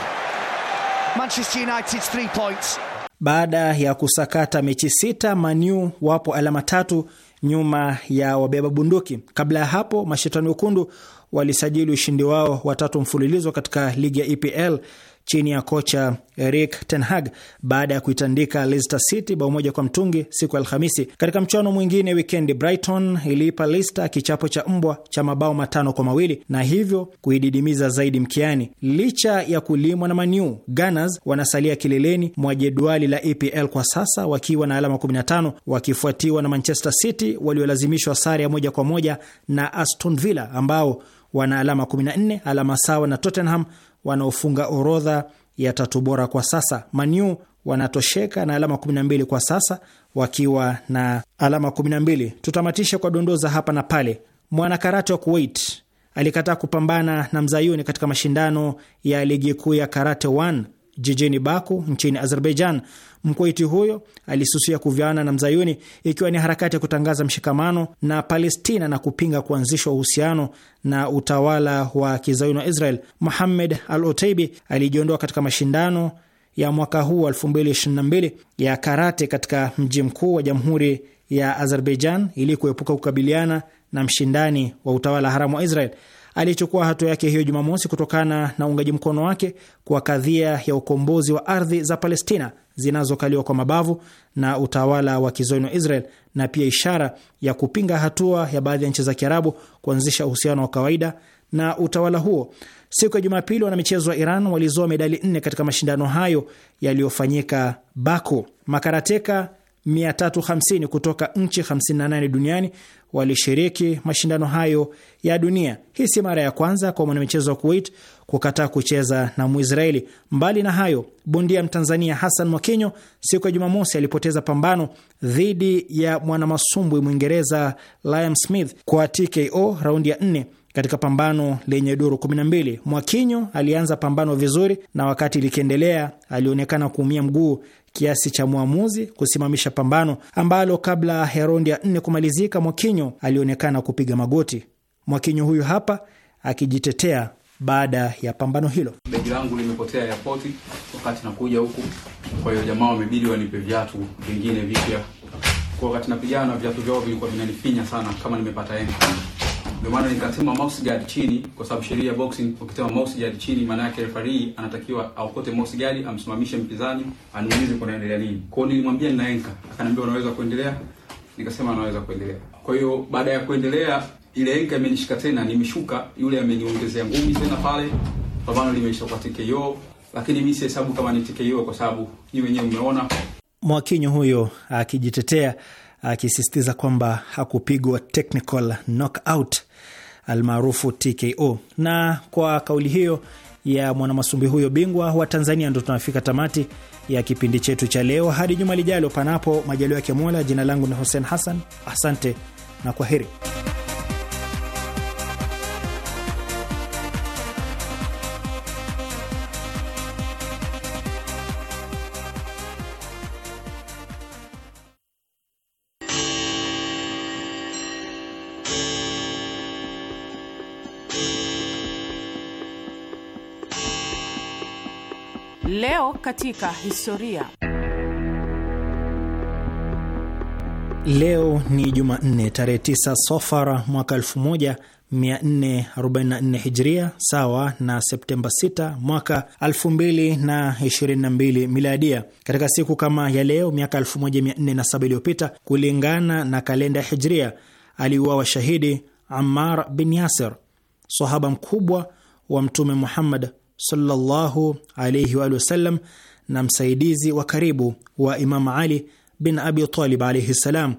Manchester United's three points. Baada ya kusakata mechi sita, Manu wapo alama tatu nyuma ya wabeba bunduki. Kabla ya hapo, mashetani wekundu walisajili ushindi wao watatu mfululizo katika ligi ya EPL chini ya kocha Erik ten Hag baada ya kuitandika Leicester City bao moja kwa mtungi siku ya Alhamisi. Katika mchuano mwingine wikendi, Brighton iliipa Leicester kichapo cha mbwa cha mabao matano kwa mawili na hivyo kuididimiza zaidi mkiani. Licha ya kulimwa na Manu, Gunners wanasalia kileleni mwa jedwali la EPL kwa sasa wakiwa na alama 15 wakifuatiwa na Manchester City waliolazimishwa sare ya moja kwa moja na Aston Villa ambao wana alama 14, alama sawa na Tottenham wanaofunga orodha ya tatu bora kwa sasa. Manu wanatosheka na alama 12 kwa sasa wakiwa na alama 12. Tutamatishe kwa dondoza hapa na pale. Mwanakarate wa Kuwait alikataa kupambana na mzayuni katika mashindano ya ligi kuu ya Karate 1 jijini Baku nchini Azerbaijan Mkuwaiti huyo alisusia kuviana na mzayuni ikiwa ni harakati ya kutangaza mshikamano na Palestina na kupinga kuanzishwa uhusiano na utawala wa kizayuni wa Israel. Muhamed Al otaibi alijiondoa katika mashindano ya mwaka huu 2022 ya karate katika mji mkuu wa jamhuri ya Azerbaijan ili kuepuka kukabiliana na mshindani wa utawala haramu wa Israel. Alichukua hatua yake hiyo Jumamosi kutokana na uungaji mkono wake kwa kadhia ya ukombozi wa ardhi za Palestina zinazokaliwa kwa mabavu na utawala wa kizoni wa Israel na pia ishara ya kupinga hatua ya baadhi ya nchi za Kiarabu kuanzisha uhusiano wa kawaida na utawala huo. Siku ya Jumapili, wanamichezo wa Iran walizoa medali nne katika mashindano hayo yaliyofanyika Baku. Makarateka 350 kutoka nchi 58 duniani walishiriki mashindano hayo ya dunia. Hii si mara ya kwanza kwa mwanamichezo wa Kuwait kukataa kucheza na Mwisraeli. Mbali na hayo, bondia Mtanzania Hassan Mwakinyo siku ya Jumamosi alipoteza pambano dhidi ya mwanamasumbwi Mwingereza Liam Smith kwa TKO raundi ya nne katika pambano lenye duru 12. Mwakinyo alianza pambano vizuri na wakati likiendelea alionekana kuumia mguu kiasi cha mwamuzi kusimamisha pambano ambalo kabla ya raundi ya nne kumalizika Mwakinyo alionekana kupiga magoti. Mwakinyo huyu hapa akijitetea baada ya pambano hilo. Begi langu limepotea yapoti wakati nakuja huku, kwa hiyo jamaa wamebidi wanipe viatu vingine vipya. Kwa wakati napigana, viatu vyao vilikuwa vinanifinya sana kama nimepata enga ndio maana nikasema mouse guard chini, kwa sababu sheria ya boxing ukitema mouse guard chini, maana yake referee anatakiwa aokote mouse guard, amsimamishe mpinzani, anuulize kunaendelea nini. Kwa hiyo nilimwambia nina anchor, akaniambia unaweza kuendelea, nikasema anaweza kuendelea. Kwa hiyo baada ya kuendelea, ile anchor imenishika tena, nimeshuka, yule ameniongezea ngumi tena pale, pambano limeisha kwa TKO, lakini mimi sihesabu kama ni TKO kwa sababu ni wenyewe umeona Mwakinyo huyo akijitetea akisisitiza kwamba hakupigwa technical knockout almaarufu TKO. Na kwa kauli hiyo ya mwanamasumbi huyo bingwa wa Tanzania, ndo tunafika tamati ya kipindi chetu cha leo. Hadi juma lijalo, panapo majalio ya Mola. Jina langu ni Hussein Hassan, asante na kwa heri. katika historia. Leo ni Jumanne tarehe 9 Sofara mwaka 1444 Hijria, sawa na Septemba 6 mwaka 2022 Miladia. Katika siku kama ya leo miaka 1407 iliyopita, kulingana na kalenda ya Hijria, aliuawa shahidi Ammar bin Yasir, sahaba mkubwa wa Mtume Muhammad sallallahu alayhi wa sallam na msaidizi wa karibu wa Imam Ali bin Abi Talib alayhi salam.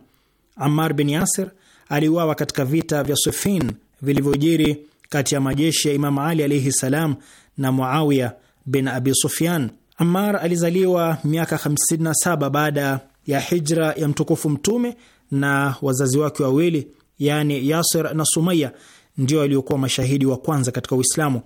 Ammar bin Yasir aliuawa katika vita vya sufin vilivyojiri kati ya majeshi ya Imam Ali alayhi salam na Muawiya bin Abi Sufyan. Ammar alizaliwa miaka 57 baada ya hijra ya mtukufu Mtume, na wazazi wake wawili, yani Yasir na Sumaya, ndio waliokuwa mashahidi wa kwanza katika Uislamu.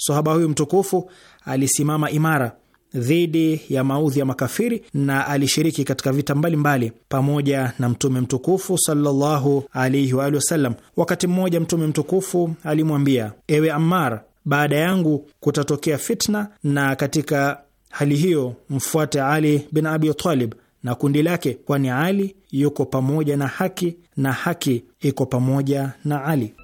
Sahaba huyu mtukufu alisimama imara dhidi ya maudhi ya makafiri na alishiriki katika vita mbalimbali mbali, pamoja na mtume mtukufu sallallahu alaihi wa wasallam. Wakati mmoja mtume mtukufu alimwambia, ewe Ammar, baada yangu kutatokea fitna, na katika hali hiyo mfuate Ali bin Abi Talib na kundi lake, kwani Ali yuko pamoja na haki na haki iko pamoja na Ali.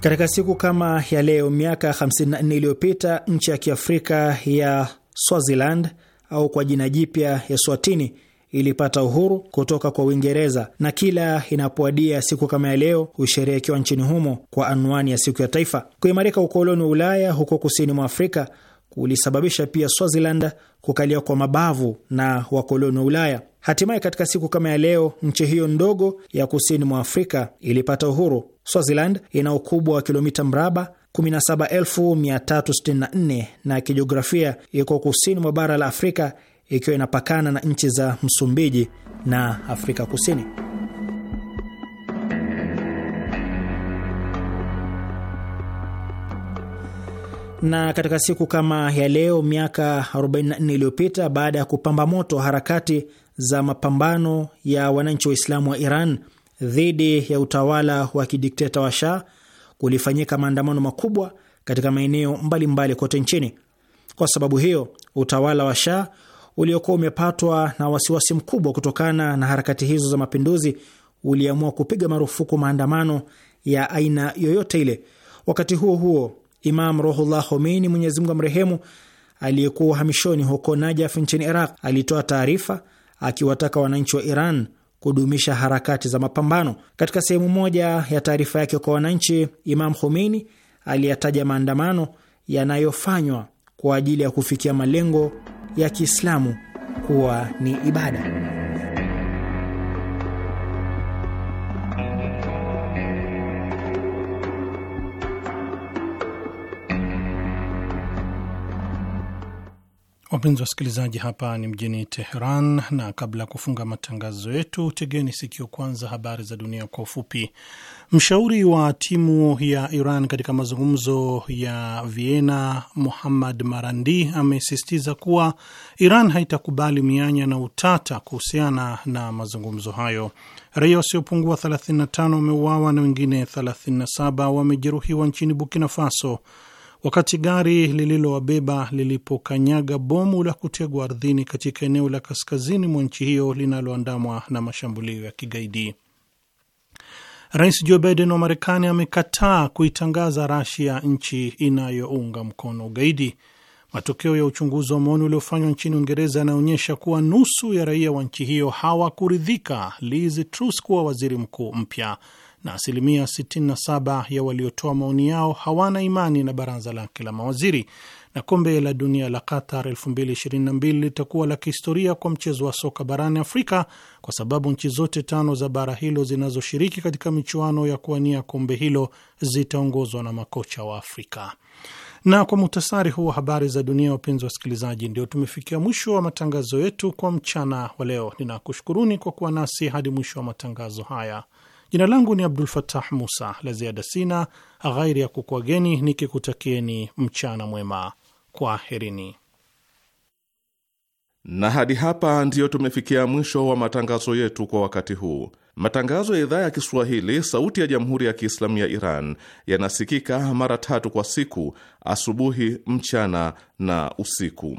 Katika siku kama ya leo miaka 54 iliyopita nchi ya kiafrika ya Swaziland au kwa jina jipya ya Swatini ilipata uhuru kutoka kwa Uingereza, na kila inapoadia siku kama ya leo husherehekewa nchini humo kwa anwani ya siku ya taifa. Kuimarika ukoloni wa Ulaya huko kusini mwa Afrika kulisababisha pia Swaziland kukaliwa kwa mabavu na wakoloni wa Ulaya. Hatimaye katika siku kama ya leo nchi hiyo ndogo ya kusini mwa Afrika ilipata uhuru. Swaziland ina ukubwa wa kilomita mraba 17364 na kijiografia iko kusini mwa bara la Afrika ikiwa inapakana na nchi za Msumbiji na Afrika Kusini. na katika siku kama ya leo miaka 44 iliyopita, baada ya kupamba moto harakati za mapambano ya wananchi Waislamu wa Iran dhidi ya utawala wa kidikteta wa Shah kulifanyika maandamano makubwa katika maeneo mbalimbali kote nchini. Kwa sababu hiyo, utawala wa Shah uliokuwa umepatwa na wasiwasi mkubwa kutokana na harakati hizo za mapinduzi uliamua kupiga marufuku maandamano ya aina yoyote ile. Wakati huo huo, Imam Ruhullah Khomeini, Mwenyezi Mungu amrehemu, aliyekuwa uhamishoni huko Najaf nchini Iraq, alitoa taarifa akiwataka wananchi wa Iran kudumisha harakati za mapambano. Katika sehemu moja ya taarifa yake kwa wananchi, Imam Khomeini aliyataja maandamano yanayofanywa kwa ajili ya kufikia malengo ya Kiislamu kuwa ni ibada. Wapenzi wasikilizaji, hapa ni mjini Teheran, na kabla ya kufunga matangazo yetu, tegeni sikio kwanza habari za dunia kwa ufupi. Mshauri wa timu ya Iran katika mazungumzo ya Vienna, Muhammad Marandi, amesisitiza kuwa Iran haitakubali mianya na utata kuhusiana na mazungumzo hayo. Raia wasiopungua 35 wameuawa na wengine 37 wamejeruhiwa nchini Burkina Faso wakati gari lililowabeba lilipokanyaga bomu la kutegwa ardhini katika eneo la kaskazini mwa nchi hiyo linaloandamwa na mashambulio ya kigaidi. Rais Joe Biden wa Marekani amekataa kuitangaza Rasia nchi inayounga mkono ugaidi. Matokeo ya uchunguzi wa maoni uliofanywa nchini Uingereza yanaonyesha kuwa nusu ya raia wa nchi hiyo hawakuridhika Liz Truss kuwa waziri mkuu mpya na asilimia 67 ya waliotoa maoni yao hawana imani na baraza lake la mawaziri. Na kombe la dunia la Qatar 2022 litakuwa la kihistoria kwa mchezo wa soka barani Afrika kwa sababu nchi zote tano za bara hilo zinazoshiriki katika michuano ya kuwania kombe hilo zitaongozwa na makocha wa Afrika. Na kwa muhtasari huu wa habari za dunia, wapenzi wa wasikilizaji, ndio tumefikia mwisho wa matangazo yetu kwa mchana wa leo. Ninakushukuruni kwa kuwa nasi hadi mwisho wa matangazo haya. Jina langu ni Abdul Fatah Musa. La ziada sina ghairi ya kukwageni nikikutakieni mchana mwema, kwaherini. Na hadi hapa ndiyo tumefikia mwisho wa matangazo yetu kwa wakati huu. Matangazo ya idhaa ya Kiswahili sauti ya jamhuri ya Kiislamu ya Iran yanasikika mara tatu kwa siku: asubuhi, mchana na usiku.